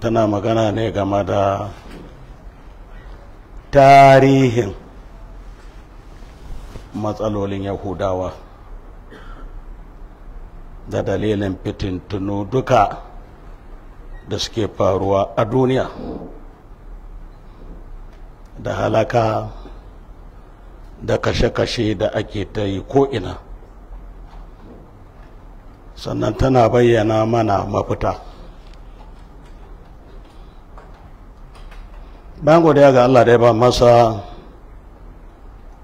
tana magana ne game da tarihin matsalolin yahudawa da dalilin fitintunu duka da suke faruwa a duniya da halaka da kashe-kashe da ake ta yi ko'ina sannan tana bayyana mana mafita bayan godiya ga Allah da ya ba masa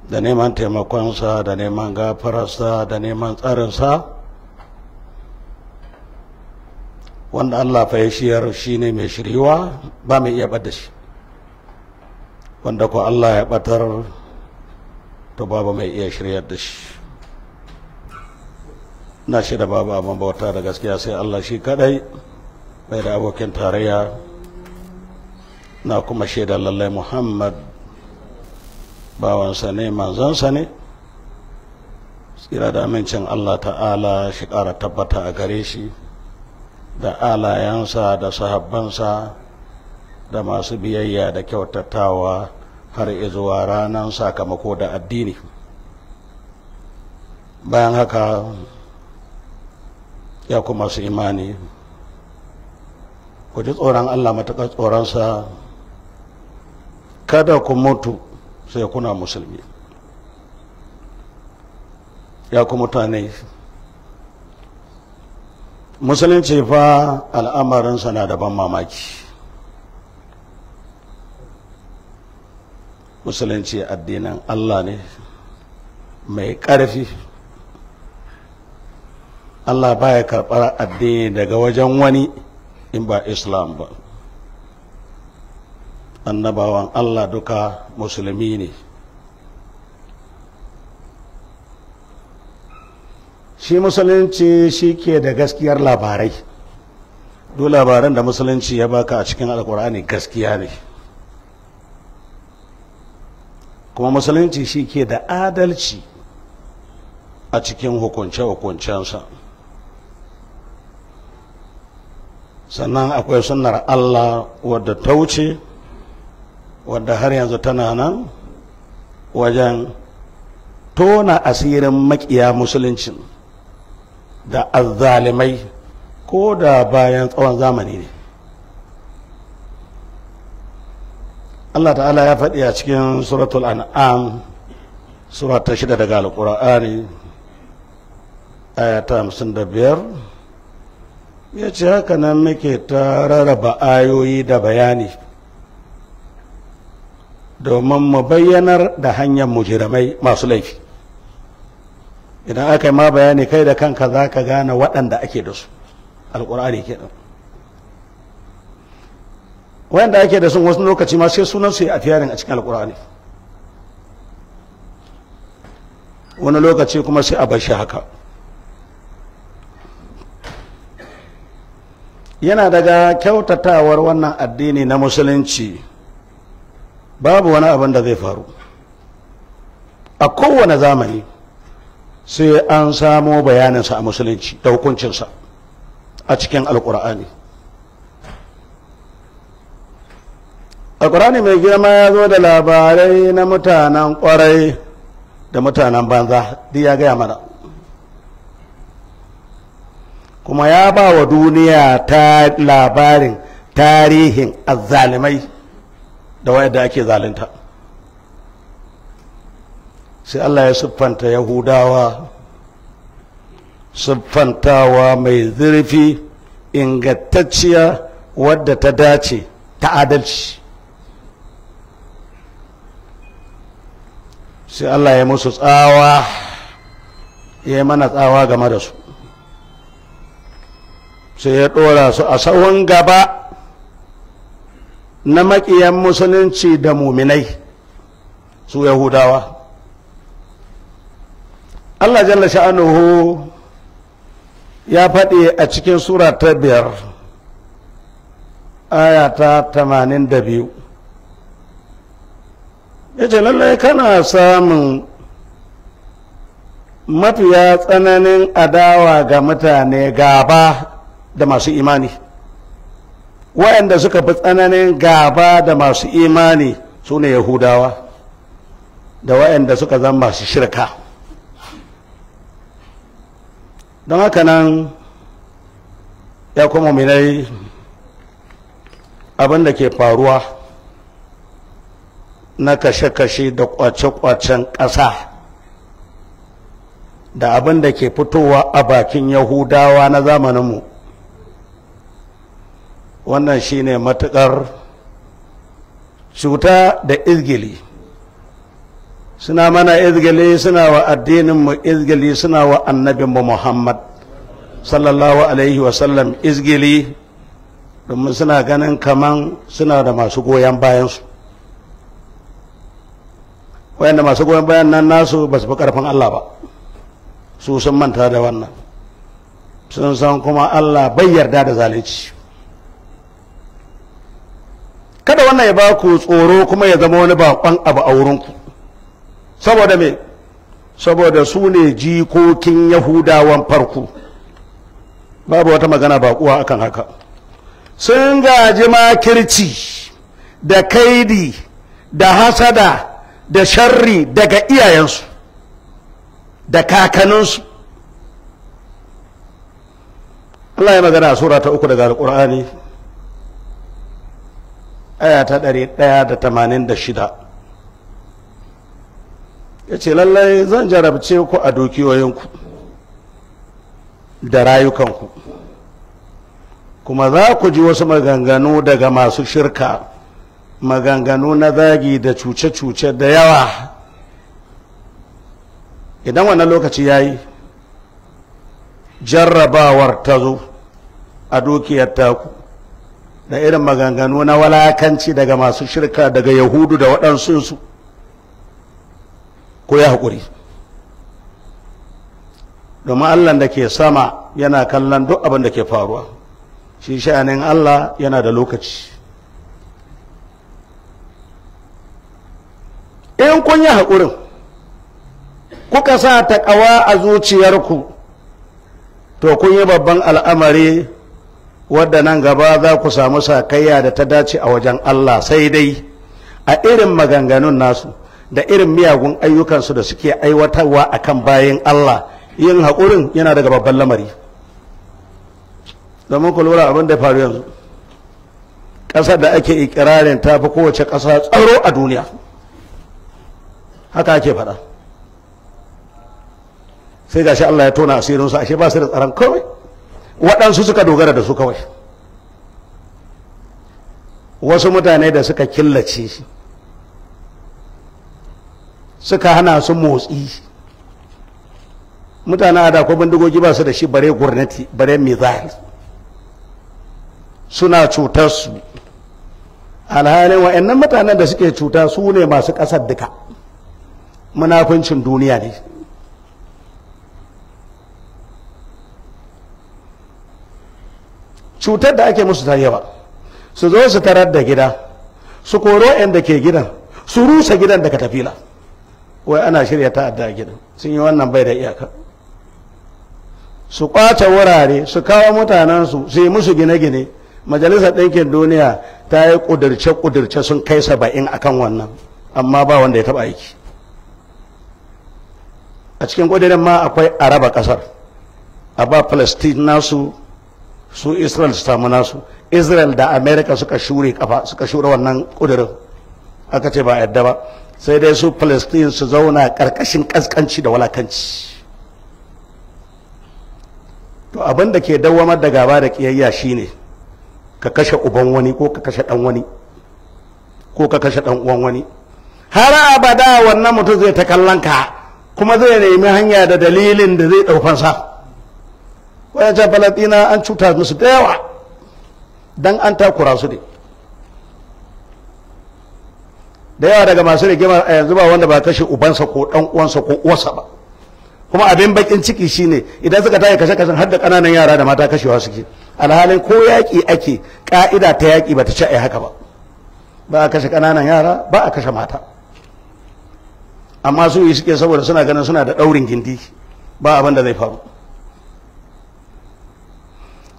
da neman taimakonsa da neman gafararsa da neman tsarinsa wanda Allah fa ya shiyar shi ne mai shiriwa ba mai iya bada shi wanda ko Allah ya batar to babu mai iya shiryar da shi na shi da babu abin bauta da gaskiya sai Allah shi kadai bai da abokin tarayya na kuma shaidar lallai muhammad bawansa ne manzansa ne tsira da amincin allah ta'ala shi ƙara tabbata a gare shi da alayensa da sahabbansa da masu biyayya da kyautatawa har izuwa ranar sakamako da addini bayan haka ya kuma su imani ku ji tsoron allah matuƙar tsoronsa kada ku mutu sai kuna musulmi ya ku mutane musulunci fa al'amarinsa na da ban mamaki musulunci addinin allah ne mai ƙarfi allah baya karɓar addini daga wajen wani in ba islam ba annabawan Allah duka musulmi ne shi musulunci shi ke da gaskiyar labarai duk labaran da musulunci ya baka a cikin alkur'ani gaskiya ne kuma musulunci shi ke da adalci a cikin hukunce-hukuncensa sannan akwai sunnar Allah wadda ta wuce wadda har yanzu tana nan wajen tona asirin makiya musuluncin da azzalimai ko da bayan tsawon zamani ne Allah ta'ala ya faɗi a cikin suratul an'am sura ta shida daga alƙur'ani ayata hamsin da biyar ya ce haka nan muke ta rarraba ayoyi da bayani domin mu bayyanar da hanyar mujirmai masu laifi idan aka yi ma bayani kai da kanka za ka gane waɗanda ake da su alƙur'ani ke kenan waɗanda ake da sun wasu lokaci ma sai sunan su yi a fiyarin a cikin alƙur'ani wani lokaci kuma sai a bashi haka yana daga kyautatawar wannan addini na musulunci babu wani abin da zai faru a kowane zamani sai an samo bayaninsa a musulunci da hukuncinsa a cikin alkur'ani alkur'ani mai girma ya zo da labarai na mutanen kwarai da mutanen banza duk ya gaya mana kuma ya ba wa duniya labarin tarihin azzalimai da wayar da ake zalunta sai Allah ya siffanta yahudawa siffantawa mai zurfi ingantacciya wadda ta dace ta adalci sai Allah ya musu tsawa ya yi mana tsawa game da su sai ya ɗora su a sauran gaba na maƙiyan musulunci da muminai su yahudawa Allah jalla sha'anuhu ya faɗi a cikin sura ta biyar aya tamanin da biyu ya ce lallai kana samun mafiya tsananin adawa ga mutane gaba da masu imani wayanda suka fi tsananin gaba da masu imani su ne yahudawa da wayanda suka zama masu shirka don haka nan ya kuma minai abin da ke faruwa na kashe-kashe da kwace-kwacen ƙasa da abin da ke fitowa a bakin yahudawa na zamaninmu wannan shine matukar cuta da izgili suna mana izgili suna wa addininmu izgili suna wa annabinmu muhammad sallallahu alaihi wasallam izgili domin suna ganin kaman suna da masu goyon bayansu wayanda masu goyon bayan nan nasu ba su fi karfin allah ba su sun manta da wannan sun san kuma allah bai yarda da zalunci kada wannan ya ba ku tsoro kuma ya zama wani bakon abu a wurinku saboda me saboda su ne jikokin yahudawan farko babu wata magana bakuwa akan haka sun gaji makirci da kaidi da hasada da sharri daga iyayensu da kakaninsu Allah ya magana a sura ta uku daga alƙur'ani aya ta ɗari ɗaya da da tamanin shida ya ce lallai zan jarabce ku a dukiyoyinku da rayukanku kuma za ku ji wasu maganganu daga masu shirka maganganu na zagi da cuce-cuce da yawa idan wannan lokaci ya yi jarrabawar ta zo a dukiyar taku da irin maganganu na walakanci daga masu shirka daga yahudu da waɗansunsu ko ya haƙuri domin allah da ke sama yana kallon duk abin da ke faruwa shi sha'anin allah yana da lokaci in kun yi haƙurin kuka sa ta ƙawa a zuciyarku to kun yi babban al'amari wadda nan gaba za ku samu sakayya da ta dace a wajen Allah sai dai a irin maganganun nasu da irin miyagun ayyukansu da suke aiwatarwa a kan bayan Allah yin haƙurin yana daga babban lamari domin ku lura abin da faru yanzu ƙasar da ake ikirarin ta fi kowace ƙasa tsaro a duniya haka ake faɗa sai gashi Allah ya tona asirinsu ashe ba su da tsaron kawai waɗansu suka dogara da su kawai wasu mutane da suka killace shi suka hana su motsi mutane a dakwai bindigogi ba su da shi bare gurnati bare mizal suna cutar su alhalin wa'annan mutanen da suke cuta su ne masu ƙasar duka munafincin duniya ne cutar da ake musu ta yawa su zo su tarar da gida su koro yan da ke gidan su rusa gidan da katafila wai ana shirya ta'adda a gidan sun yi wannan bai da iyaka su kwace wurare su kawo mutanensu su yi musu gine-gine majalisar ɗinkin duniya ta yi ƙudirce ƙudurce sun kai saba'in a kan wannan amma ba wanda ya taɓa aiki a cikin ƙudirin ma akwai araba ƙasar a ba palestine nasu su israel su samu nasu israel da america suka shure kafa suka shure wannan kudurin aka ce ba yadda ba sai dai su palestine su zauna karkashin kaskanci da walakanci to abin da ke dawamar da gaba da kiyayya shine ka kashe uban wani ko ka kashe dan wani ko ka kashe dan uwan wani har abada wannan mutum zai ta kallon ka kuma zai nemi hanya da dalilin da zai daukansa wajen balatina an cuta musu da yawa don an takura su ne da yawa daga masu rigima a yanzu ba wanda ba kashe ubansa ko dan uwansa ko uwarsa ba kuma abin bakin ciki shine idan suka tayi kashe kashen har da kananan yara da mata kashewa suke alhalin ko yaƙi ake ƙa'ida ta yaƙi ba ta ci a haka ba ba a kashe kananan yara ba a kashe mata amma su yi suke saboda suna ganin suna da ɗaurin gindi ba abin da zai faru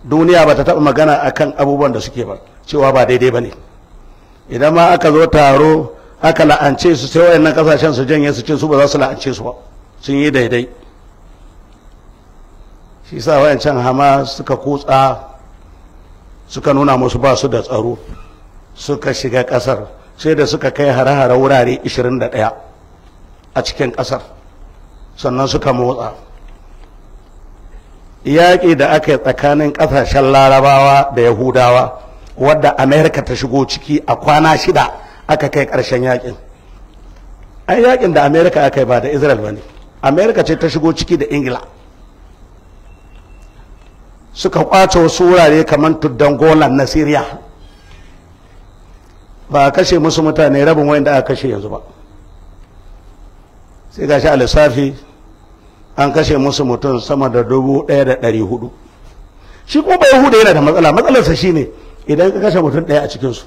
duniya ba ta taɓa magana akan abubuwan da suke ba cewa ba daidai ba ne idan ma aka zo taro aka la'ance su sai wayannan kasashen su janye su cin su ba za su la'ance su ba sun yi daidai shi sa wayancan hama suka kutsa suka nuna musu ba su da tsaro suka shiga kasar sai da suka kai hare-hare wurare 21 a cikin ƙasar sannan suka motsa yaƙi da aka yi tsakanin ƙasashen larabawa da yahudawa wadda amerika ta shigo ciki a kwana shida aka kai ƙarshen yaƙin an yaƙin da amerika aka yi ba da israel ba ne amerika ce ta shigo ciki da ingila suka kwace wasu wurare kamar tuddan golan na syria ba a kashe musu mutane rabin wayanda aka kashe yanzu ba sai shi a lissafi an kashe musu mutum sama da dubu ɗaya da ɗari hudu shi kuma bai huda yana da matsala matsalarsa shi ne idan ka kashe mutum ɗaya a cikinsu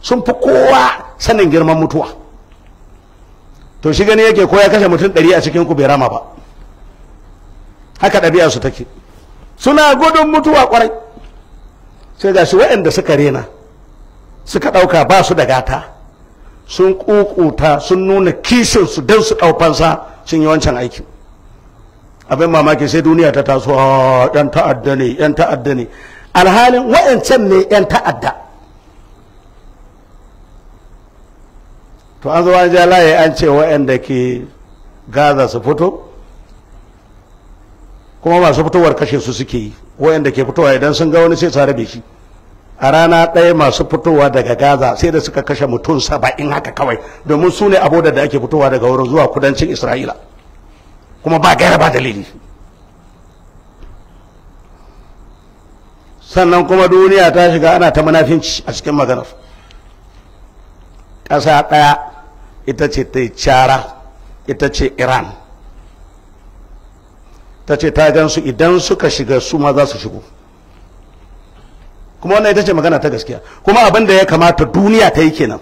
sun fi kowa sanin girman mutuwa to shi gani yake ko ya kashe mutum ɗari a cikin ku bai rama ba haka ɗabi'a su take suna gudun mutuwa kwarai sai ga shi waɗanda suka rena suka ɗauka ba su da gata sun ƙuƙuta sun nuna kishinsu don su ɗaufansa sun yi wancan aikin abin mamaki sai duniya ta taso ah, yan ta'adda ne yan ta'adda ne alhalin wayancan ne yan ta'adda to an zuwa an ja layi an ce wayanda ke gaza su fito kuma masu fitowar kashe su suke yi wayanda ke fitowa idan sun ga wani sai tsare bai shi a rana ɗaya masu fitowa daga gaza sai da suka kashe mutum saba'in haka kawai domin su ne aboda da ake fitowa daga wurin zuwa kudancin isra'ila kuma ba gaira ba dalili sannan kuma duniya ta shiga ana ta manafinci a cikin maganar ƙasa ɗaya ita ce ta cara ita ce iran ta ce ta gansu idan suka shiga su ma za su shigo kuma wannan ita ce magana ta gaskiya kuma abin da ya kamata duniya ta yi kenan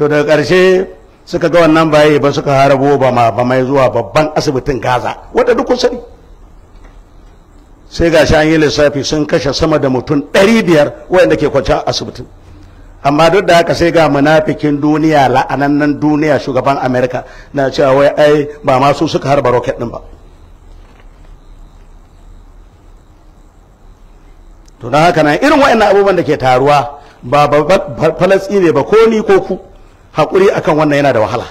to daga ƙarshe suka ga wannan baye ba suka harabo ba ma ba mai zuwa babban asibitin gaza wanda duk sani sai ga shi an yi lissafi sun kashe sama da mutum 500 biyar ke kwanci asibitin amma duk da haka sai ga munafikin duniya la'anannan duniya shugaban amerika na cewa wai ai ba masu suka harba roket din ba to don haka nan irin wa'annan abubuwan da ke taruwa ba falatsi ne ba ko ni ko ku hakuri akan wannan yana da wahala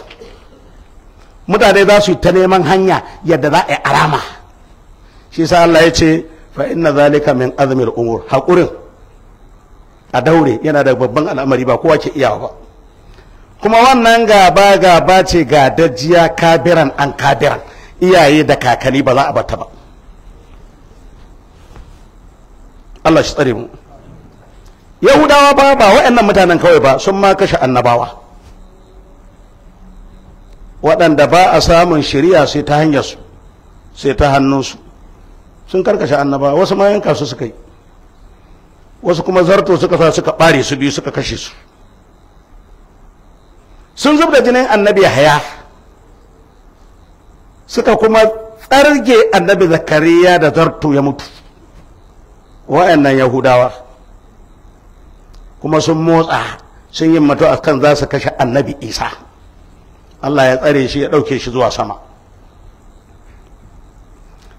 mutane za su ta neman hanya yadda za a yi arama shi sa Allah ya ce fa inna zalika min azmil umur hakurin a daure yana da babban al'amari ba kowa ke iyawa ba kuma wannan gaba gaba ce ga dajiya kabiran an kabiran iyaye da kakani ba za a bata ba Allah shi tsare mu Yahudawa ba ba waɗannan mutanen kawai ba sun ma kashe annabawa waɗanda ba a samun shari'a sai ta hanyarsu sai ta hannunsu sun karkashe annaba wasu ma yanka su suka yi wasu kuma zarto suka sa suka ɓare su biyu suka kashe su sun zub da jinin annabi haya suka kuma tsarge annabi zakariya da zarto ya mutu wa'annan yahudawa kuma sun motsa sun yi mato akan za su kashe annabi isa Allah ya tsare shi ya ɗauke shi zuwa sama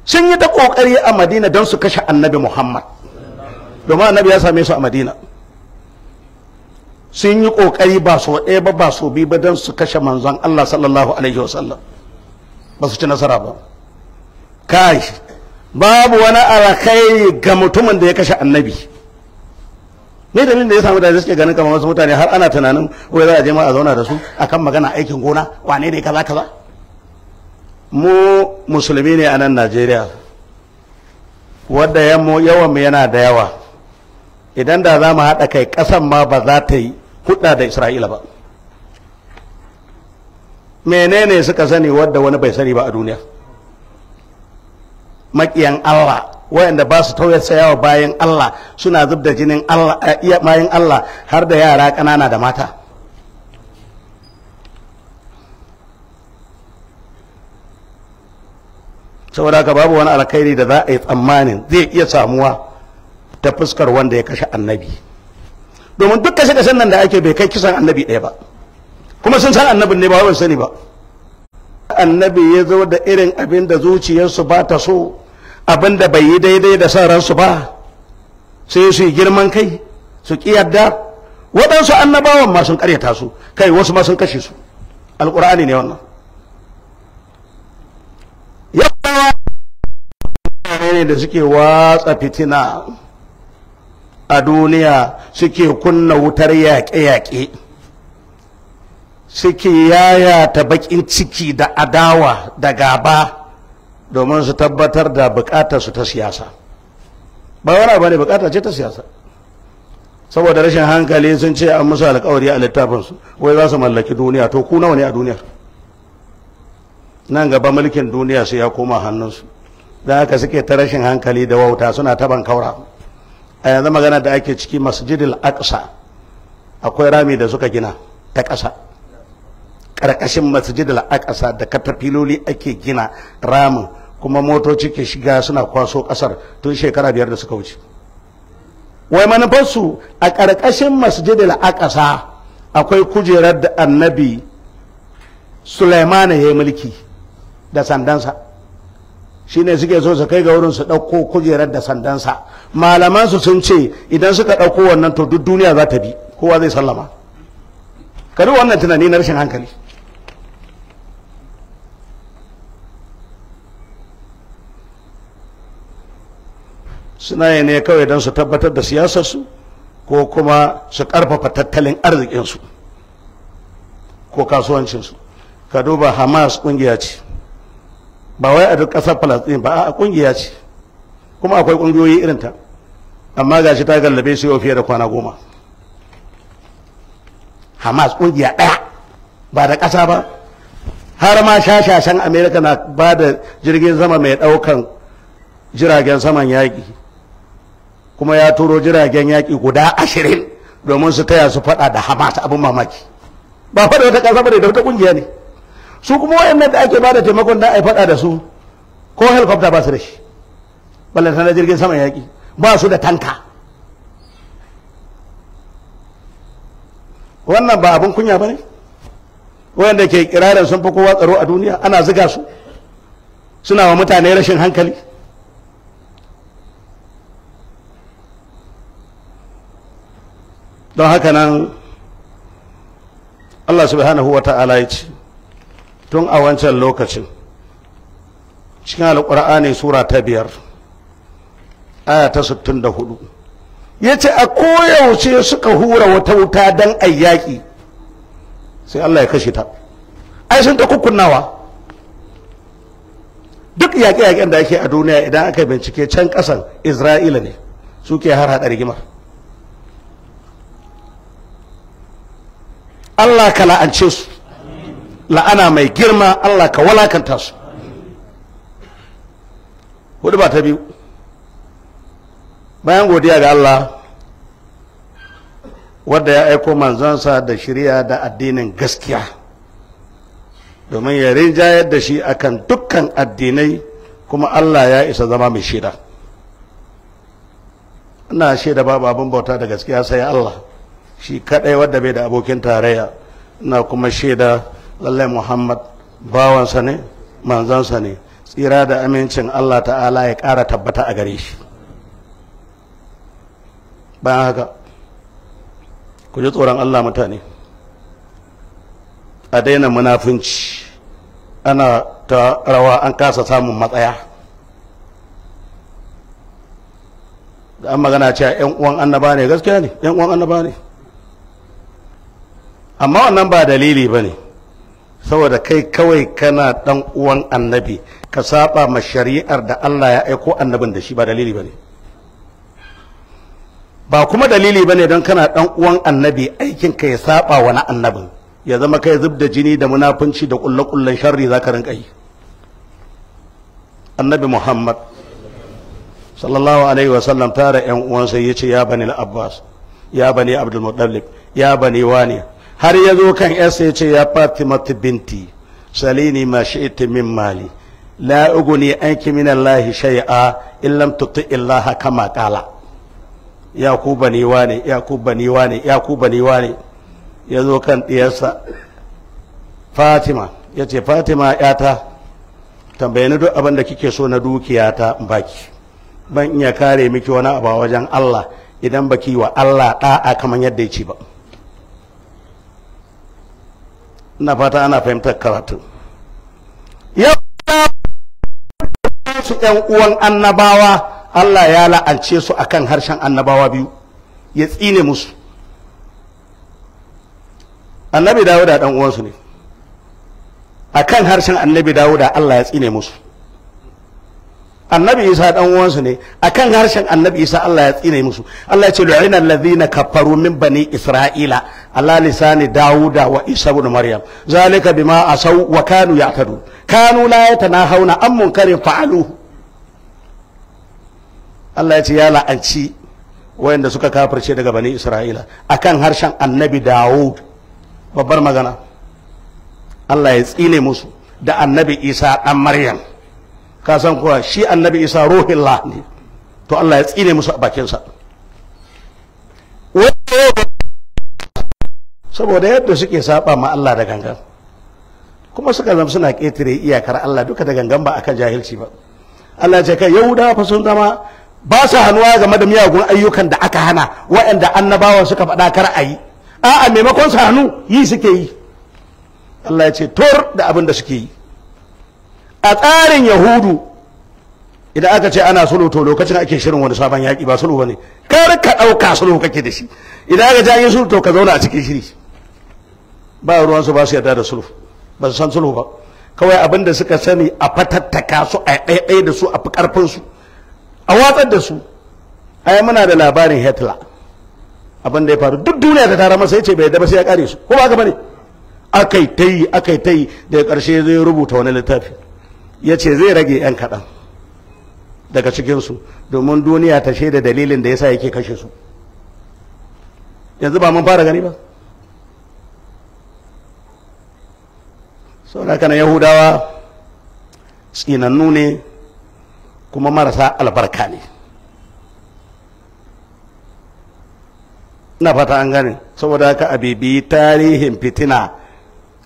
sun yi ta ƙoƙari a madina don su kashe annabi muhammad domin annabi ya same su a madina sun yi ƙoƙari ba so ɗaya ba ba so bi ba don su kashe manzon allah sallallahu alaihi wasallam ba su ci nasara ba kai babu wani alkhairi ga mutumin da ya kashe annabi ne dalilin da ya samu da suke ganin kamar wasu mutane har ana tunanin wai za a je ma a zauna da su akan magana aikin gona wane ne kaza kaza mu musulmi ne a nan Najeriya wadda yawan mu yana da yawa idan da za mu haɗa kai ƙasan ma ba za ta yi hudda da Isra'ila ba menene suka sani wadda wani bai sani ba a duniya maƙiyan Allah wayanda ba su tauye sayawa bayan Allah suna zub da jinin Allah eh, bayan Allah har da yara ƙanana da mata saboda haka babu wani alkhairi da za a yi tsammanin zai iya samuwa ta fuskar wanda ya kashe annabi domin duk kashe kashen nan da ake bai kai kisan annabi ɗaya ba kuma sun san annabin ne ba wani sani ba annabi ya zo da irin abin da zuciyarsu ba ta so abin da bai yi daidai da son ransu ba sai su yi girman kai su ƙi yadda waɗansu annabawan ma sun ƙaryata su kai wasu ma sun kashe su alƙur'ani ne wannan ne da suke watsa fitina a duniya suke kunna wutar yaƙe-yaƙe suke yayata baƙin ciki da adawa da gaba domin su tabbatar da bukatar su ta siyasa ba wani ba ne bukata ce ta siyasa saboda rashin hankali sun ce an musu alkawari a littafinsu wai za su mallaki duniya to ku nawa ne a duniya nan gaba mulkin duniya sai ya koma hannunsu da haka suke ta rashin hankali da wauta suna taban kaura a yanzu magana da ake ciki masjidil aqsa akwai rami da suka gina ta ƙasa ƙarƙashin masjidil aqsa da katafiloli ake gina ramin kuma motoci ke shiga suna kwaso kasar tun shekara biyar da suka wuce wai manufarsu a ƙarƙashin masjidil aqsa akwai kujerar da annabi suleimani ya yi mulki da sandansa Shi ne suke so su kai ga wurin su ɗauko kujerar da sandansa malamansu sun ce idan suka ɗauko wannan to duk duniya za ta bi kowa zai sallama kari wannan tunani na rashin hankali suna yi ne kawai don su tabbatar da siyasarsu ko kuma su ƙarfafa tattalin arzikinsu ko kasuwancinsu ka duba hamas ƙungiya ce ba wai a duk kasar palestine ba a ƙungiya ce kuma akwai ƙungiyoyi irinta amma ga shi ta gallabe su yau fiye da kwana goma hamas ƙungiya ɗaya ba da ƙasa ba har ma shashashen amerika na ba da jirgin zama mai ɗaukan jiragen saman yaƙi kuma ya turo jiragen yaƙi guda ashirin domin su taya su faɗa da hamas abin mamaki ba faɗa wata ƙasa ba da wata ƙungiya ne su kuma wayannan da ake ba da taimakon da ai faɗa da su ko helicopter ba su da shi ballanta na jirgin saman yaƙi ba su da tanka wannan ba abin kunya ba ne wayanda ke kirarin sun fi kowa tsaro a duniya ana ziga su suna wa mutane rashin hankali don haka nan Allah subhanahu wa ta'ala ya ce tun a wancan lokacin cikin alƙur'ani sura ta biyar aya ta sittin da hudu ya ce a koyaushe suka hura wata wuta don ayyaki sai Allah ya kashe ta ai sun ta kukunawa duk yaƙe-yaƙen da ake a duniya idan aka bincike can ƙasan isra'ila ne suke har haɗa rigimar Allah ka la'ance su la'ana mai girma Allah ka walakanta su hudu ba ta biyu bayan godiya ga Allah wadda ya aiko manzansa da shirya da addinin gaskiya domin ya rinjayar da shi akan dukkan addinai kuma Allah ya isa zama mai shaida ina shaida babu abin bauta da gaskiya sai Allah shi kadai wadda bai da abokin tarayya ina kuma shaida lallai muhammad bawansa ne manzansa ne tsira da amincin allah ta'ala ya ƙara tabbata a gare shi bayan haka ku ji tsoron allah mutane a daina munafunci ana ta rawa an kasa samun matsaya da an magana cewa 'yan uwan annaba ne gaskiya ne 'yan uwan annaba ne amma wannan ba dalili ba ne saboda kai kawai kana dan uwan annabi ka saba ma shari'ar da Allah ya aiko annabin da shi ba dalili ba ne ba kuma dalili ba ne don kana dan uwan annabi aikin ka ya saba wa na annabin ya zama kai zub da jini da munafunci da kullakullan sharri za ka rinka yi annabi muhammad sallallahu alaihi wasallam tare yan uwansa ya ce ya bani al-abbas ya bani abdul muttalib ya bani wani har ya zo kan yarsa ya ce ya fatimatu binti salini ma ita min mali la uguni anki min Allah shay'a illan tuti Allah kama qala yakuba ni wane yakuba ni wane yakuba ni wane ya zo kan diyarsa fatima ya ce fatima yata tambaye ni duk abin da kike so na dukiyata baki ban iya kare miki wani abu wajen Allah idan baki wa Allah da'a kamar yadda ya ci ba ina fata ana fahimtar karatun yau su ƴan uwan annabawa Allah ya la'ance su akan harshen annabawa biyu ya tsine musu annabi dawuda dan uwansu ne akan harshen annabi dawuda Allah ya tsine musu annabi isa dan uwansu ne akan harshen annabi isa Allah ya tsine musu Allah ya ce lu'ina alladhina kafaru min bani isra'ila ala lisani dauda wa isa ibn maryam zalika bima asaw wa kanu ya'tadu kanu la yatanahawna an munkarin fa'alu Allah ya ce ya la'anci wayanda suka kafirce daga bani isra'ila akan harshen annabi Dawud babbar magana Allah ya tsine musu da annabi isa dan maryam ka san kuwa shi annabi isa ruhillah ne to Allah ya tsine musu a bakinsa saboda yadda suke saba ma Allah da gangan kuma suka zama suna ƙetare iyakar Allah duka da gangan ba aka jahilci ba Allah ce kai yahudawa fa sun zama ba su hannuwa game da miyagun ayyukan da aka hana waɗanda annabawan suka faɗa kar a yi a'a maimakon su hannu yi suke yi Allah ya ce tor da abin da suke yi a tsarin yahudu idan aka ce ana sulhu to lokacin ake shirin wani sabon yaƙi ba sulhu bane kar ka ɗauka sulhu kake da shi idan aka ce an yi to ka zauna a cikin shiri ba ruwan su ba su yarda da sulhu ba su san sulhu ba kawai abin da suka sani a fatattaka su a ɗaiɗai da su a fi ƙarfin a watsar da su ai muna da labarin Hitler abin da ya faru duk duniya ta tara masa ya ce bai yarda ba sai ya kare su ko ba haka bane akai ta yi akai ta yi daga ƙarshe zai rubuta wani littafi ya ce zai rage 'yan kaɗan daga cikinsu domin duniya ta shaida dalilin da ya sa yake kashe su yanzu ba mun fara gani ba sau na yahudawa tsinannu ne kuma marasa albarka ne na fata an gane saboda haka abibi tarihin fitina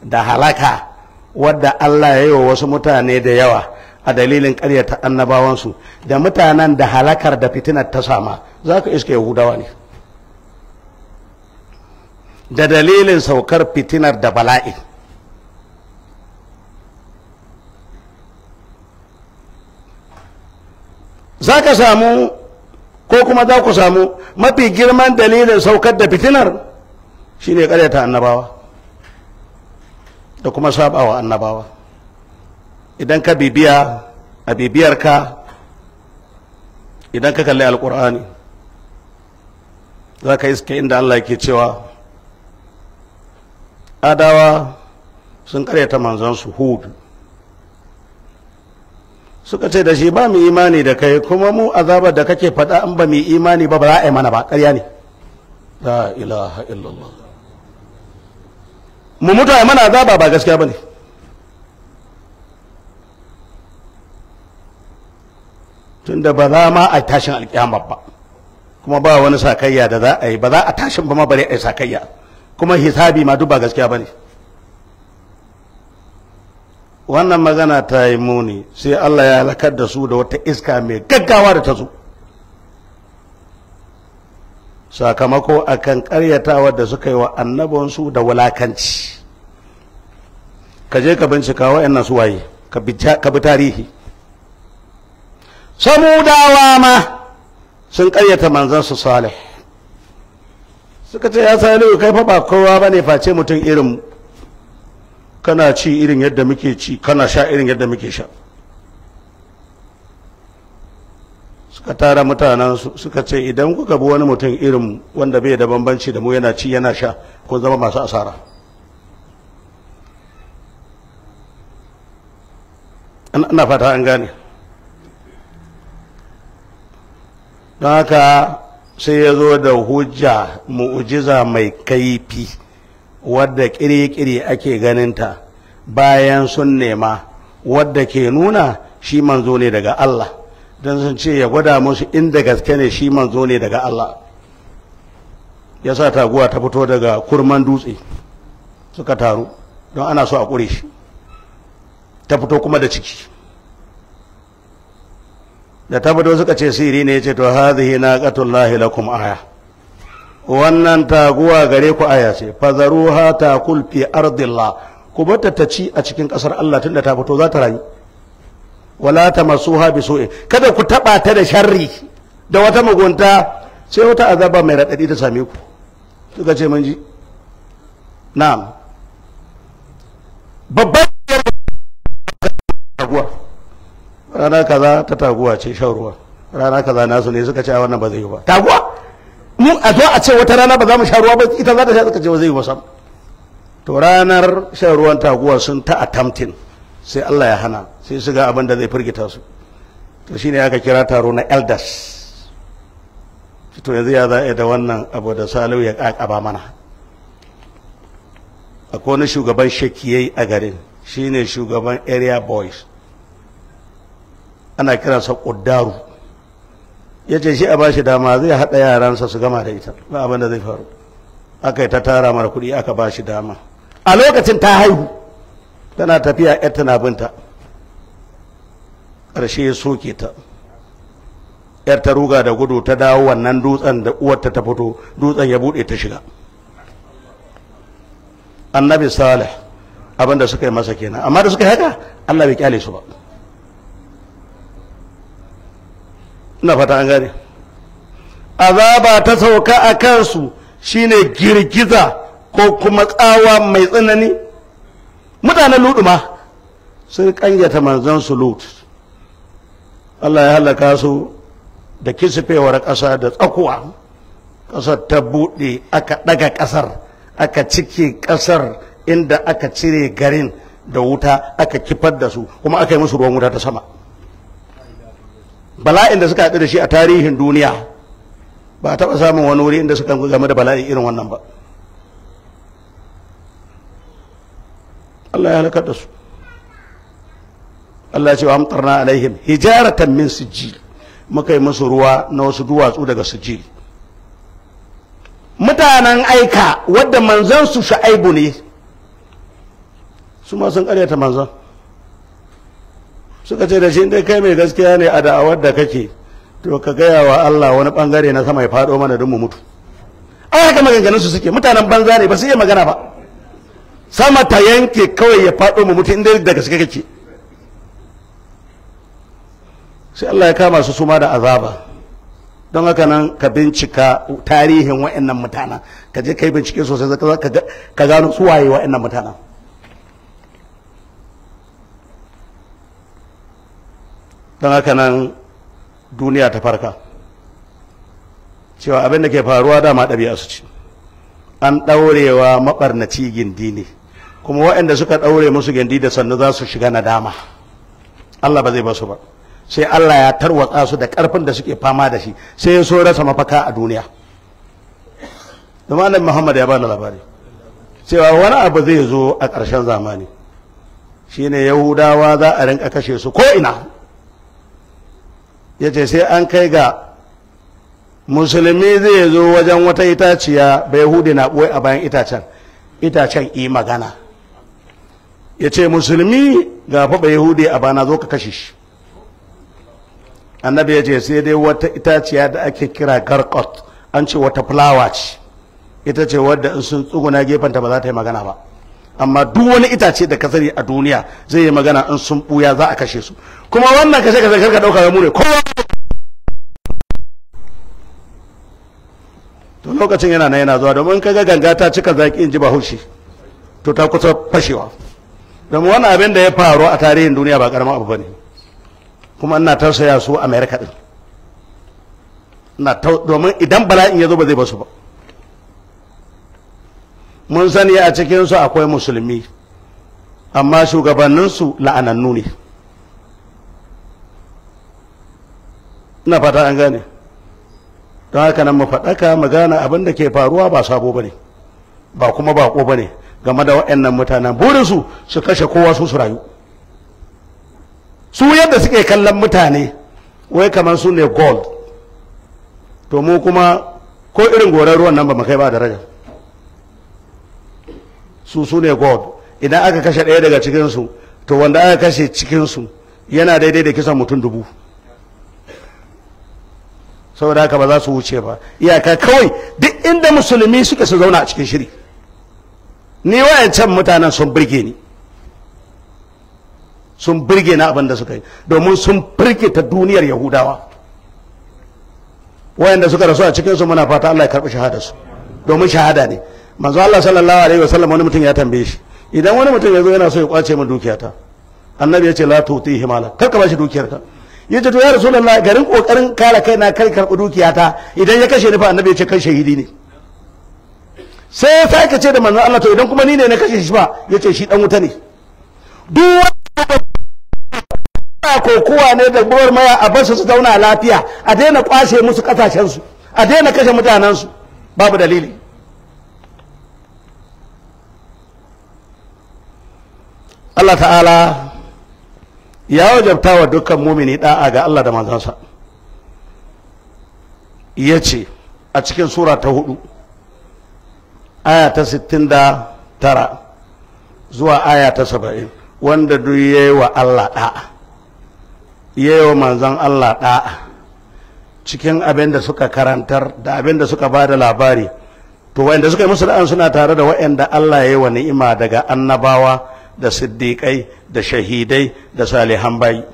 da halaka wadda Allah ya yi wa wasu mutane da yawa a dalilin ƙaryata annabawansu da mutanen da halakar da fitinar ta sama za ka iske yahudawa ne da dalilin saukar fitinar da bala'i za ka samu ko kuma za ku samu mafi girman dalilin saukar da fitinar shine ƙaryata annabawa da kuma wa annabawa idan ka bibiya a bibiyarka idan ka kalli alkur'ani za ka iske inda allah ke cewa adawa sun karyata su hudu suka ce da shi ba mu imani da kai kuma mu azabar da kake faɗa in ba mu imani ba ba za a yi mana ba ƙarya ne la ilaha illallah mu mutu a mana zaba ba gaskiya tun da ba za ma a tashin alkiyama ba kuma ba wani sakayya da za a yi ba za a tashin ba ma bare a yi sakayya kuma hisabi ma duk ba gaskiya ne wannan magana ta yi muni sai Allah ya halakar da su da wata iska mai gaggawa da ta zo sakamako akan karyatawa da suka yi wa annabinsu da wulakanci ka je ka bincika wa'annan su waye ka bi tarihi samudawa ma sun karyata manzansu salih suka ce ya salihu kai fa ba kowa ne face mutum irin kana ci irin yadda muke ci kana sha irin yadda muke sha suka tara mutanensu suka ce idan kuka bi wani mutum irin wanda bai da bambanci da mu yana ci yana sha ko zama masu asara ana fata an gane don haka sai ya zo da hujja mu'ujiza mai kaifi wadda kiri-kiri ake ganinta bayan sun nema wadda ke nuna shi manzo ne daga Allah don sun ce ya gwada musu inda gaske ne shi manzo ne daga Allah ya sa taguwa ta fito daga kurman dutse suka taru don ana so a ƙure shi ta fito kuma da ciki da ta fito suka ce siri ne ya ce to hadhihi naqatullahi lakum aya wannan taguwa gare ku aya ce fazaruha ta kulfi ardillah ku bata ta ci a cikin ƙasar Allah tunda ta fito za ta rayu wala tamassuha in kada ku taba ta da sharri da wata mugunta sai wata azaba mai radadi ta same ku suka ce mun ji na'am babban taguwa rana kaza ta taguwa ce shan ruwa rana kaza nasu ne suka ce a wannan ba zai yi ba taguwa mu a zo a ce wata rana ba za mu sha ruwa ba ita za ta sha suka ce ba zai yi ba sam to ranar shan ruwan taguwa sun ta attempting sai Allah ya hana sai su ga abin da zai firgita su to shine aka kira taro na elders to yanzu ya za da wannan abu da salau ya kakaba mana akwai wani shugaban shakiyai a garin shine shugaban area boys ana kiransa Kudaru ya ce shi a ba shi dama zai haɗa yaransa su gama da ita ba abin da zai faru aka yi ta tara mara kuɗi aka ba shi dama a lokacin ta haihu tana tafiya yar tana binta ƙarshe ya soke ta yar ta ruga da gudu ta dawo wannan dutsen da uwarta ta fito dutsen ya buɗe ta shiga annabi salih abinda suka yi masa kenan amma da suka yi haka allah bai kyale su ba ina fata an gane azaba ta sauka a kansu shine girgiza ko kuma tsawa mai tsanani mutanen ludu ma sun kanyata manzon su lut Allah ya halaka su da kisifewar ƙasa da tsakuwa ƙasar ta buɗe aka ɗaga ƙasar aka cike ƙasar inda aka cire garin da wuta aka kifar da su kuma aka yi musu ruwan wuta ta sama bala'in da suka haɗu da shi a tarihin duniya ba a taɓa samun wani wuri inda suka game da bala'i irin wannan ba Allah ya halakar da su Allah ya ce wa amtarna alaihim hijaratan min sijil muka yi musu ruwa na wasu duwatsu daga sijil mutanen aika wadda manzon su sha'aibu ne su ma sun karyata manzon suka ce da shi dai kai mai gaskiya ne a da'awar da kake to ka gaya wa Allah wani bangare na sama ya faɗo mana don mu mutu a haka maganganun su suke mutanen banza ne ba su iya magana ba sama ta yanke kawai ya faɗo mu mutum inda daga suka kake sai Allah ya kama su suma da azaba don haka nan ka bincika tarihin wa'annan mutanen ka je kai bincike sosai ka gano su waye wa'annan mutanen don haka nan duniya ta farka cewa abin da ke faruwa dama ɗabi'a su ce an ɗaurewa maɓarnaci gindi ne kuma waɗanda suka ɗaure musu gindi da sannu za su shiga nadama Allah ba zai ba su ba sai Allah ya tarwatsa su da ƙarfin da suke fama da shi sai so rasa mafaka a duniya da malam Muhammad ya bani labari cewa wani abu zai zo a ƙarshen zamani shine yahudawa za a rinka kashe su ko ina yace sai an kai ga musulmi zai zo wajen wata itaciya bai hudu na ɓoye a bayan itacen itacen yi magana ya ce musulmi ga faɓa yahudi a bana zo ka kashe shi annabi ya ce sai dai wata itaciya da ake kira garkot an ce wata fulawa ce ita ce wadda in sun tsuguna gefenta ba za ta yi magana ba amma duk wani itace da ka sani a duniya zai yi magana in sun buya za a kashe su kuma wannan kashe kashe karka dauka mu ne kowa to lokacin yana na yana zuwa domin kaga ganga ta cika zaki in ji bahaushe to ta kusa fashewa dama wani abin da ya faru a tarihin duniya ba karamin abu ba ne kuma ina tausaya su america din na domin idan bala'in ya zo ba zai basu ba mun sani a cikinsu akwai musulmi amma shugabanninsu la'anannu ne ina fata an gane don haka nan mu faɗaka magana abin da ke faruwa ba sabo ba ne ba kuma ko ba ne game da waɗannan mutanen burinsu su kashe kowa su su rayu su yadda suke kallon mutane wai kamar su ne gold to mu kuma ko irin goren ruwan nan ba mu kai ba daraja su su ne gold idan aka kashe ɗaya daga cikinsu to wanda aka kashe cikinsu yana daidai da kisan mutum dubu saboda haka ba za su wuce ba iyaka kawai duk inda musulmi suke su zauna a cikin shiri ni can mutanen sun birge ni sun birge na abin da suka yi domin sun birge ta duniyar yahudawa wayanda suka rasu a cikin su muna fata Allah ya karɓi shahada su domin shahada ne manzo Allah sallallahu alaihi wasallam wani mutum ya tambaye shi idan wani mutum ya zo yana so ya kwace min dukiyata annabi ya ce la tutihi mala kar ka bashi dukiyarka yace to ya rasulullahi garin kokarin kare kaina kai karɓi dukiyata idan ya kashe ni fa annabi ya ce kan shahidi ne sai ya sake ce da manzon Allah to idan kuma ni ne na kashe shi ba yace shi dan wuta ne duk wanda kuwa ne da gwar maya a bar su su zauna lafiya a daina kwashe musu kasashen su a daina kashe mutanen su babu dalili Allah ta'ala ya wajabta wa dukkan mumini da'a ga Allah da manzansa ya ce a cikin sura ta hudu aya ta 69 zuwa aya ta 70 wanda duk yayi wa Allah da'a yayi wa manzon Allah ɗa'a cikin abin suka karantar da abin da suka bada labari to wanda suka yi musu da'an suna tare da wa'anda Allah ya yi wa ni'ima daga annabawa da siddiƙai da shahidai da salihan bayi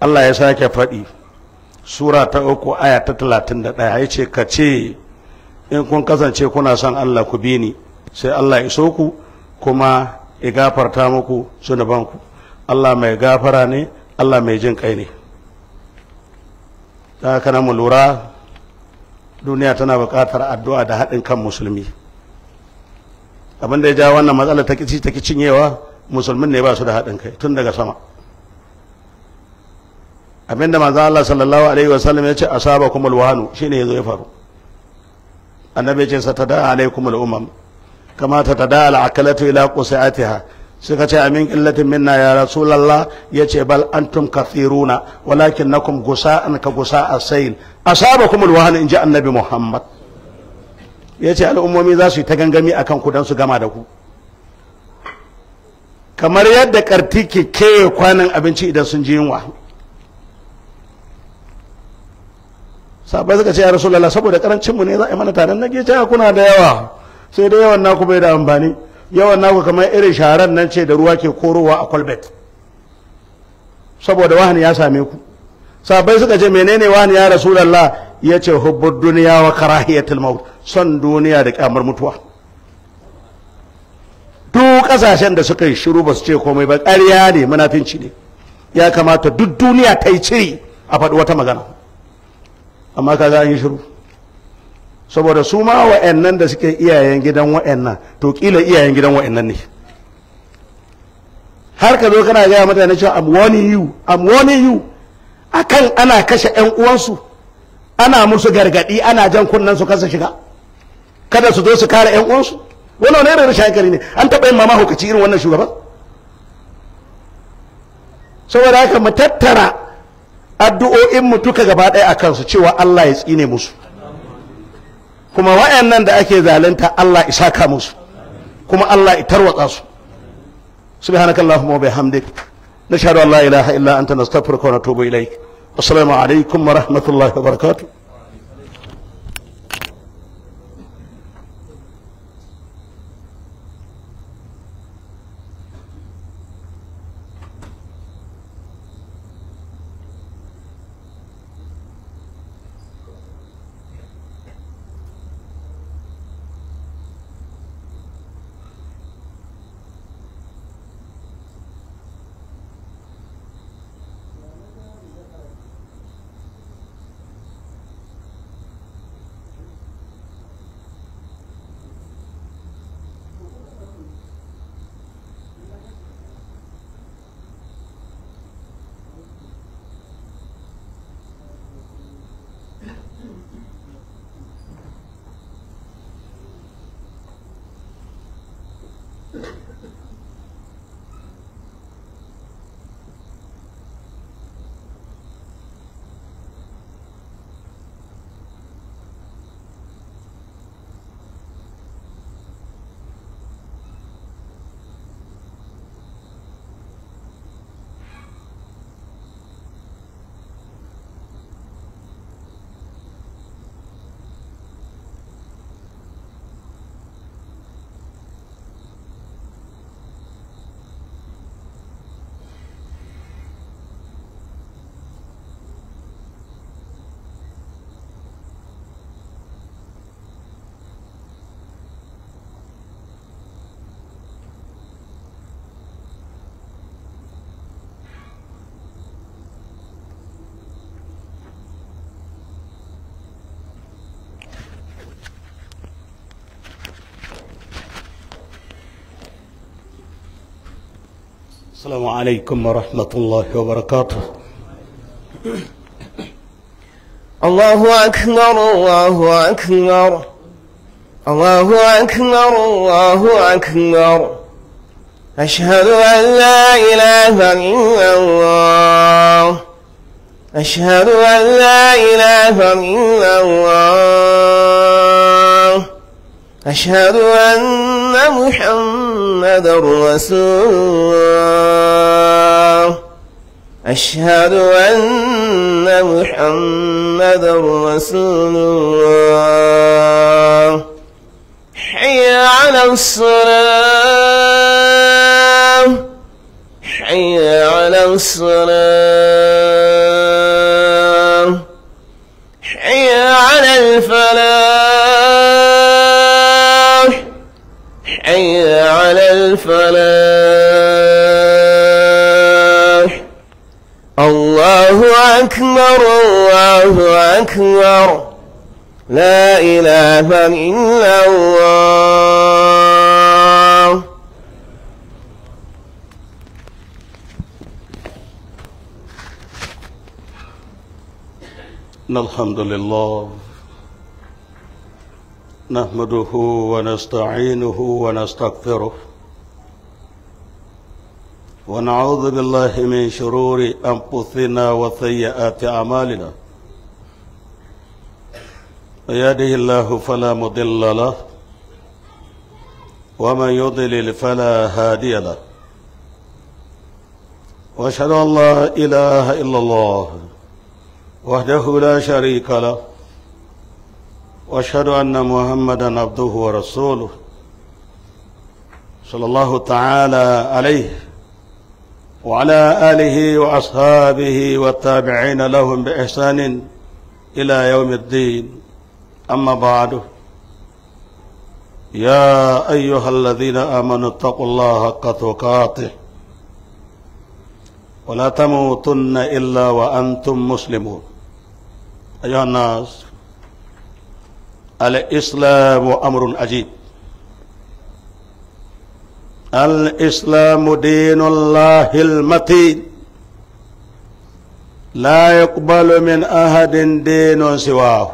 Allah ya sake faɗi sura ta uku aya ta talatin da ɗaya ya ce ka ce in kun kasance kuna son Allah ku bi ni sai Allah ya so ku kuma ya gafarta muku zunubanku Allah mai gafara ne Allah mai jin kai ne ta kana mu lura duniya tana buƙatar addu'a da haɗin kan musulmi abin da ya ja wannan matsala ta kici ta cinyewa musulmin ne ba su da haɗin kai tun daga sama abinda manzo Allah sallallahu alaihi wasallam ya ce asaba kumul wahanu shine yazo ya faru annabi ce satada alaikum al'umam kama tatada al'akalatu ila qusatiha suka ce amin qillatin minna ya rasulullah yace bal antum kathiruna walakinnakum gusa'an ka gusa'a sayl asabakum alwahn inji annabi muhammad yace al'ummomi za su yi ta gangami akan ku dan su gama da ku kamar yadda karti ke kewaye kwanan abinci idan sun ji yunwa sabai suka ce ya rasulullah saboda karancin mu ne za a yi mana taron na gece kuna da yawa sai dai yawan naku bai da amfani yawan naku kamar irin sharan nan ce da ruwa ke korowa a kwalbet saboda wahani ya same ku sabai suka ce menene wahani ya rasulullah ya ce hubbar duniya wa karahiyatul maut son duniya da kyamar mutuwa duk kasashen da suka yi shiru ba su ce komai ba ƙarya ne munafinci ne ya kamata duk duniya ta yi ciri a faɗi wata magana amma za a yi shiru saboda su ma wa'annan da suke iyayen gidan wa'annan to kila iyayen gidan wa'annan ne har ka zo kana gaya mutane cewa am warning you am warning you akan ana kashe yan uwansu ana musu gargadi ana jan kunnan su kasa shiga kada su zo su kare yan uwansu wannan ne rashin hankali ne an taɓa yin mama ci irin wannan shugaban saboda haka mu tattara addu'o'in mu duka gaba ɗaya a su cewa Allah ya tsine musu kuma wayannan da ake zalunta Allah isaka musu kuma Allah ya tarwatsa su subhanakallahumma wa bihamdik nashhadu an la ilaha illa anta nastaghfiruka wa natubu ilaik assalamu alaikum wa rahmatullahi wa barakatuh السلام عليكم ورحمة الله وبركاته الله أكبر الله أكبر الله أكبر الله أكبر أشهد أن لا إله إلا الله أشهد أن لا إله إلا الله أشهد أن محمد محمد رسول أشهد أن محمد رسول الله حي على الصلاة حي على الصلاة حي على الفلاح حي على الفلاح الله أكبر الله أكبر لا إله إلا الله الحمد لله نحمده ونستعينه ونستغفره ونعوذ بالله من شرور أنفسنا وسيئات أعمالنا يهده الله فلا مضل له ومن يضلل فلا هادي له واشهد ان لا اله الا الله وحده لا شريك له واشهد ان محمدا عبده ورسوله صلى الله تعالى عليه وعلى اله واصحابه والتابعين لهم باحسان الى يوم الدين اما بعد يا ايها الذين امنوا اتقوا الله حق تقاته ولا تموتن الا وانتم مسلمون ايها الناس الإسلام أمر عجيب الإسلام دين الله المتين لا يقبل من أحد دين سواه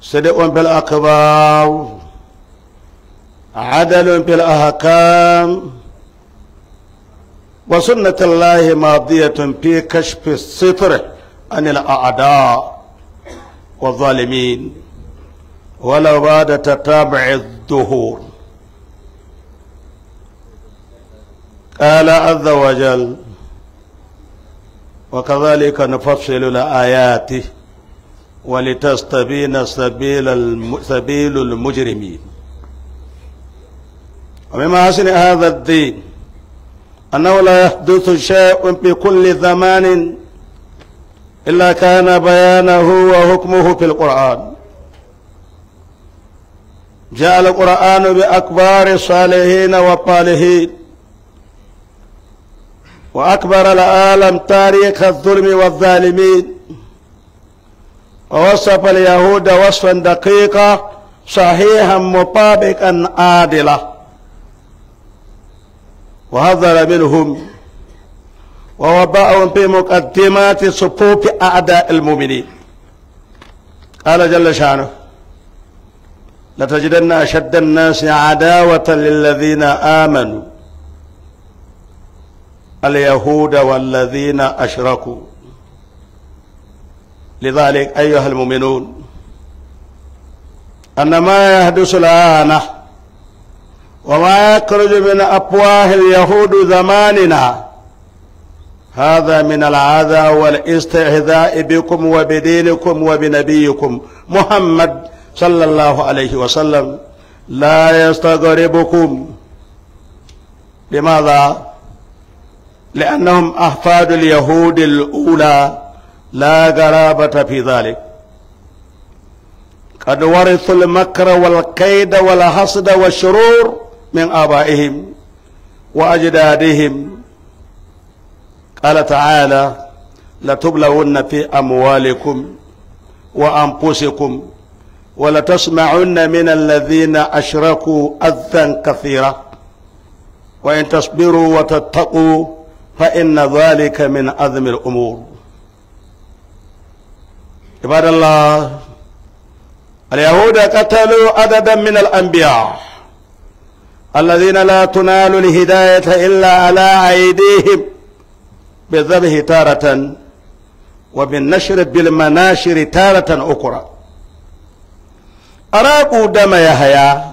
صدق بالأقوال عدل بالأحكام وسنة الله ماضية في كشف الستر عن الأعداء والظالمين ولو بعد تتابع الظهور قال عز وجل وكذلك نفصل الآيات ولتستبين سبيل سبيل المجرمين ومن حسن هذا الدين أنه لا يحدث شيء في كل زمان إلا كان بيانه وحكمه في القرآن جاء القرآن بأكبار الصالحين والطالحين وأكبر العالم تاريخ الظلم والظالمين ووصف اليهود وصفا دقيقا صحيحا مطابقا عادلا وهذا منهم ووضعهم في مقدمات صفوف أعداء المؤمنين قال جل شانه لتجدن أشد الناس عداوة للذين آمنوا اليهود والذين أشركوا لذلك أيها المؤمنون أن ما يحدث الآن وما يخرج من أفواه اليهود زماننا هذا من العذا والاستهزاء بكم وبدينكم وبنبيكم محمد صلى الله عليه وسلم لا يستغربكم لماذا لأنهم أحفاد اليهود الأولى لا غرابة في ذلك قد ورثوا المكر والكيد والحسد والشرور من آبائهم وأجدادهم قال تعالى لتبلون في أموالكم وأنفسكم ولتسمعن من الذين أشركوا أذى كثيرا وإن تصبروا وتتقوا فإن ذلك من أذم الأمور عباد الله اليهود قتلوا عددا من الأنبياء الذين لا تنال الهداية إلا على أيديهم بذبه تارة وبالنشر بالمناشر تارة أخرى أراقوا دم يهيا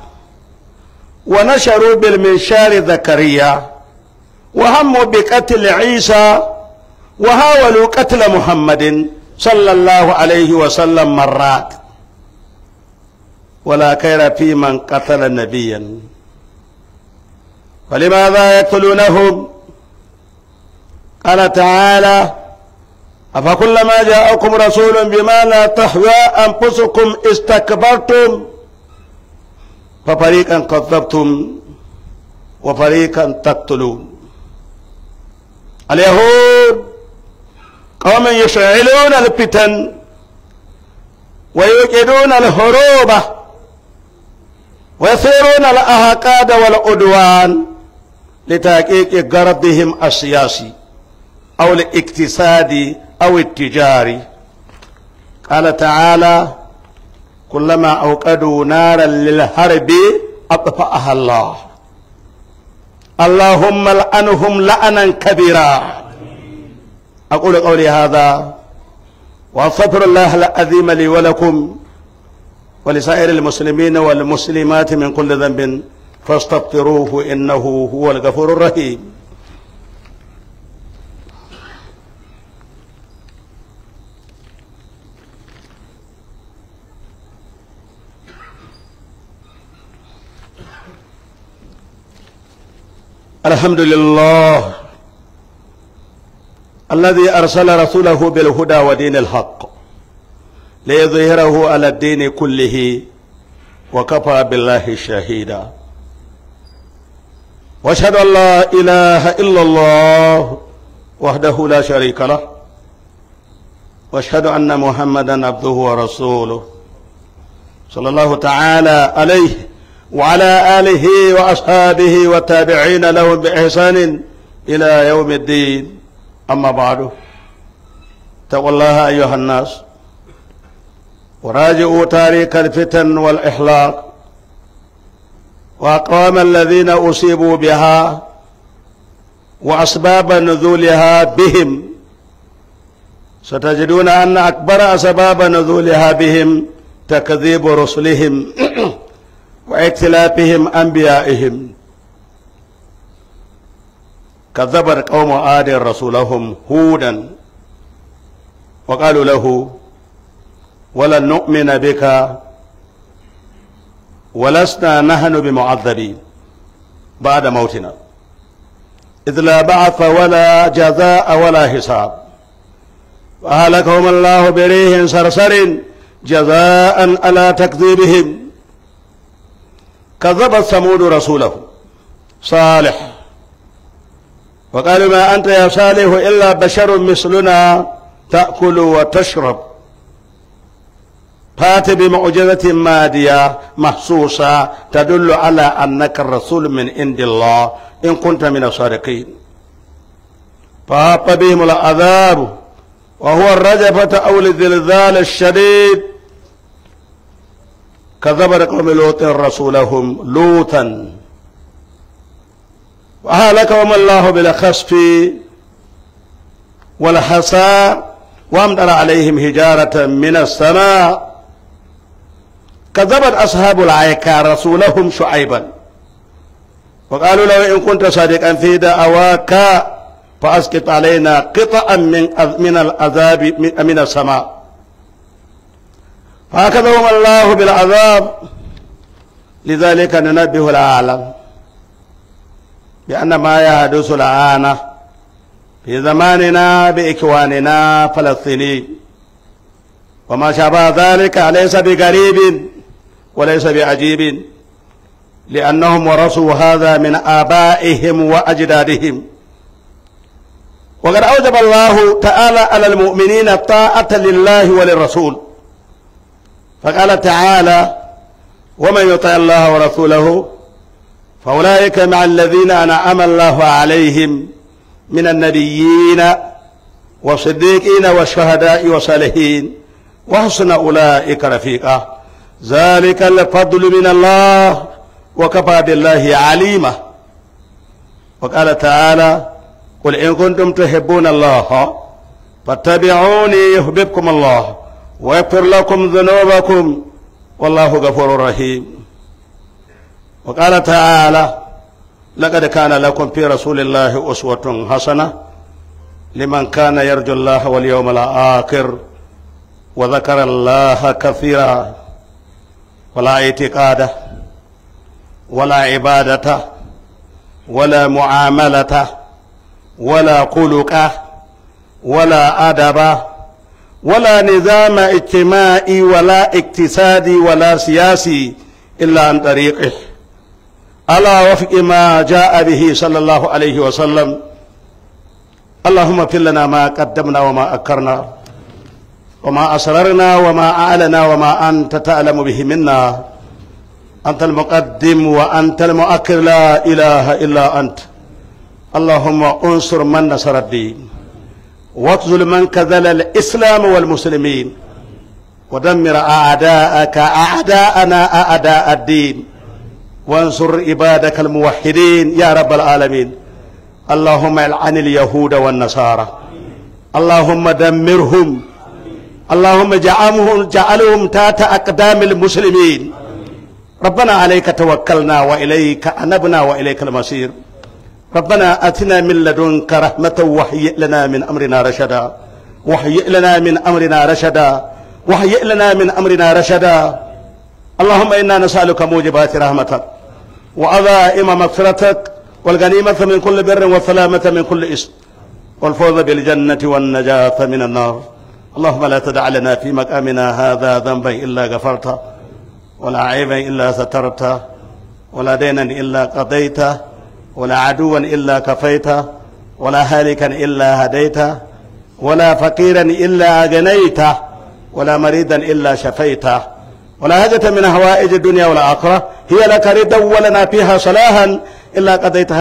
ونشروا بالمنشار زكريا وهموا بقتل عيسى وهاولوا قتل محمد صلى الله عليه وسلم مرات ولا خير في من قتل نبيا فلماذا يقتلونهم قال تعالى أفكلما جاءكم رسول بما لا تحوى أنفسكم استكبرتم ففريقا كذبتم وفريقا تقتلون اليهود قوم يشعلون الفتن ويوقدون الهروب ويثيرون الأهكاد والعدوان لتحقيق غرضهم السياسي أو الاقتصادي أو التجاري قال تعالى كلما أوقدوا نارا للحرب أطفأها الله اللهم لأنهم لأنا كبيرا أقول قولي هذا وأستغفر الله العظيم لي ولكم ولسائر المسلمين والمسلمات من كل ذنب فاستغفروه إنه هو الغفور الرحيم الحمد لله الذي أرسل رسوله بالهدى ودين الحق ليظهره على الدين كله وكفى بالله شهيدا واشهد ان لا اله الا الله وحده لا شريك له واشهد ان محمدا عبده ورسوله صلى الله تعالى عليه وعلى آله وأصحابه والتابعين لهم بإحسان إلى يوم الدين أما بعد اتقوا الله أيها الناس وراجعوا تاريخ الفتن والإحلاق وأقوام الذين أصيبوا بها وأسباب نزولها بهم ستجدون أن أكبر أسباب نزولها بهم تكذيب رسلهم وإختلافهم أنبيائهم كذب قوم عاد رسولهم هودا وقالوا له ولن نؤمن بك ولسنا نحن بمعذبين بعد موتنا إذ لا بعث ولا جزاء ولا حساب وهلكهم الله بريح صرصر جزاء على تكذيبهم كذبت ثمود رسوله صالح وقالوا ما أنت يا صالح إلا بشر مثلنا تأكل وتشرب فات بمعجزة مادية محسوسة تدل على أنك الرسول من عند الله إن كنت من الصادقين فهب بهم العذاب وهو الرجفة أو الزلزال الشديد كذب قوم لوط رسولهم لوطا وما الله بالخسف والحصى وامطر عليهم حجارة من السماء كذبت أصحاب العيكة رسولهم شعيبا وقالوا له إن كنت صادقا في دعواك فأسقط علينا قطعا من من العذاب من السماء هكذا هم الله بالعذاب لذلك ننبه العالم بأن ما يحدث الآن في زماننا بإكواننا فلسطيني وما شابه ذلك ليس بقريب وليس بعجيب لأنهم ورثوا هذا من آبائهم وأجدادهم وقد أوجب الله تعالى على المؤمنين الطاعة لله وللرسول فقال تعالى ومن يطع الله ورسوله فأولئك مع الذين أنعم الله عليهم من النبيين والصديقين والشهداء والصالحين وحسن أولئك رفيقا ذلك الفضل من الله وكفى بالله عليما وقال تعالى قل إن كنتم تحبون الله فاتبعوني يحببكم الله ويغفر لكم ذنوبكم والله غفور رحيم وقال تعالى لقد كان لكم في رسول الله أسوة حسنة لمن كان يرجو الله واليوم الآخر وذكر الله كثيرا ولا اعتقاد ولا عبادة ولا معاملة ولا خلق ولا أدب ولا نظام اجتماعي ولا اقتصادي ولا سياسي إلا عن طريقه على وفق ما جاء به صلى الله عليه وسلم اللهم اغفر لنا ما قدمنا وما أكرنا وما أسررنا وما أعلنا وما أنت تعلم به منا أنت المقدم وأنت المؤخر لا إله إلا أنت اللهم انصر من نصر الدين واخذل من كذل الإسلام والمسلمين ودمر أعداءك أعداءنا أعداء الدين وانصر عبادك الموحدين يا رب العالمين اللهم العن اليهود والنصارى اللهم دمرهم اللهم جعلهم جعلهم تحت أقدام المسلمين ربنا عليك توكلنا وإليك أنبنا وإليك المصير ربنا أتنا من لدنك رحمة وهيئ لنا من أمرنا رشدا وهيئ لنا من أمرنا رشدا وهيئ لنا من أمرنا رشدا اللهم إنا نسألك موجبات رحمتك وعظائم مغفرتك والغنيمة من كل بر والسلامة من كل اسم والفوز بالجنة والنجاة من النار اللهم لا تدع لنا في مقامنا هذا ذنبا إلا غفرته ولا عيبا إلا سترته ولا دينا إلا قضيته ولا عدوا إلا كفيته ولا هالكا إلا هديته ولا فقيرا إلا أغنيت ولا مريدا إلا شفيته ولا حاجة من هوائج الدنيا والآخرة هي لك ردا ولنا فيها صلاحا إلا قضيتها